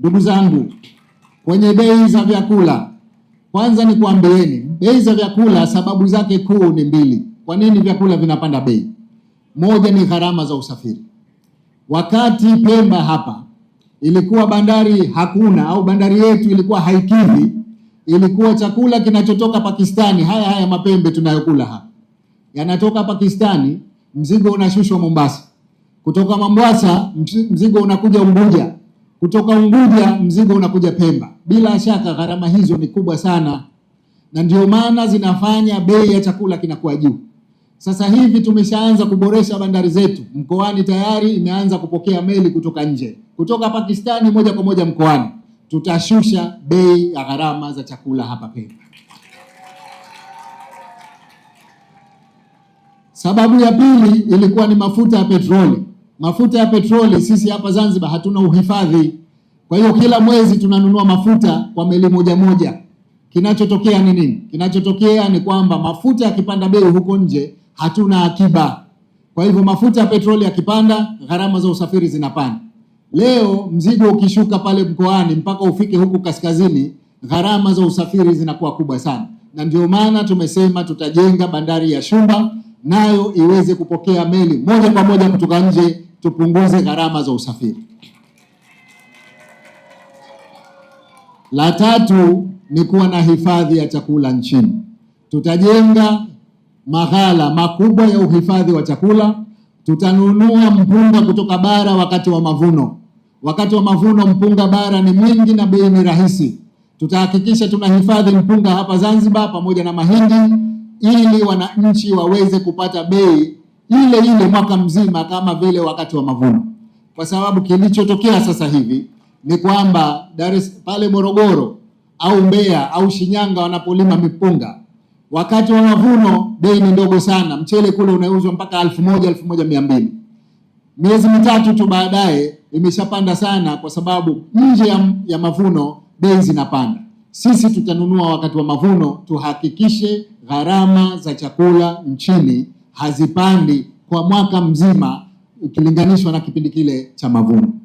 Ndugu zangu, kwenye bei za vyakula, kwanza ni kuambieni bei za vyakula, sababu zake kuu ni mbili. Kwa nini vyakula vinapanda bei? Moja ni gharama za usafiri. Wakati Pemba hapa ilikuwa bandari hakuna, au bandari yetu ilikuwa haikidhi, ilikuwa chakula kinachotoka Pakistani, haya haya mapembe tunayokula hapa yanatoka Pakistani, mzigo unashushwa Mombasa, kutoka Mombasa mzigo unakuja Unguja kutoka Unguja mzigo unakuja Pemba. Bila shaka gharama hizo ni kubwa sana, na ndio maana zinafanya bei ya chakula kinakuwa juu. Sasa hivi tumeshaanza kuboresha bandari zetu. Mkoani tayari imeanza kupokea meli kutoka nje, kutoka Pakistani moja kwa moja mkoani. Tutashusha bei ya gharama za chakula hapa Pemba. Sababu ya pili ilikuwa ni mafuta ya petroli mafuta ya petroli, sisi hapa Zanzibar hatuna uhifadhi. Kwa hiyo kila mwezi tunanunua mafuta kwa meli moja moja. Kinachotokea ni nini? Kinachotokea ni kwamba mafuta yakipanda bei huko nje, hatuna akiba. Kwa hivyo mafuta ya petroli yakipanda, gharama za usafiri zinapanda. Leo mzigo ukishuka pale mkoani mpaka ufike huku kaskazini, gharama za usafiri zinakuwa kubwa sana, na ndio maana tumesema tutajenga bandari ya Shumba nayo iweze kupokea meli moja kwa moja kutoka nje tupunguze gharama za usafiri. La tatu ni kuwa na hifadhi ya chakula nchini. Tutajenga maghala makubwa ya uhifadhi wa chakula. Tutanunua mpunga kutoka bara wakati wa mavuno. Wakati wa mavuno mpunga bara ni mwingi na bei ni rahisi. Tutahakikisha tunahifadhi mpunga hapa Zanzibar pamoja na mahindi, ili wananchi waweze kupata bei ile ile mwaka mzima kama vile wakati wa mavuno, kwa sababu kilichotokea sasa hivi ni kwamba Dar es pale Morogoro au Mbeya au Shinyanga wanapolima mipunga wakati wa mavuno bei ni ndogo sana. Mchele kule unauzwa mpaka elfu moja elfu moja mia mbili miezi mitatu tu baadaye imeshapanda sana, kwa sababu nje ya, ya mavuno bei zinapanda. Sisi tutanunua wakati wa mavuno, tuhakikishe gharama za chakula nchini hazipandi kwa mwaka mzima ukilinganishwa na kipindi kile cha mavuno.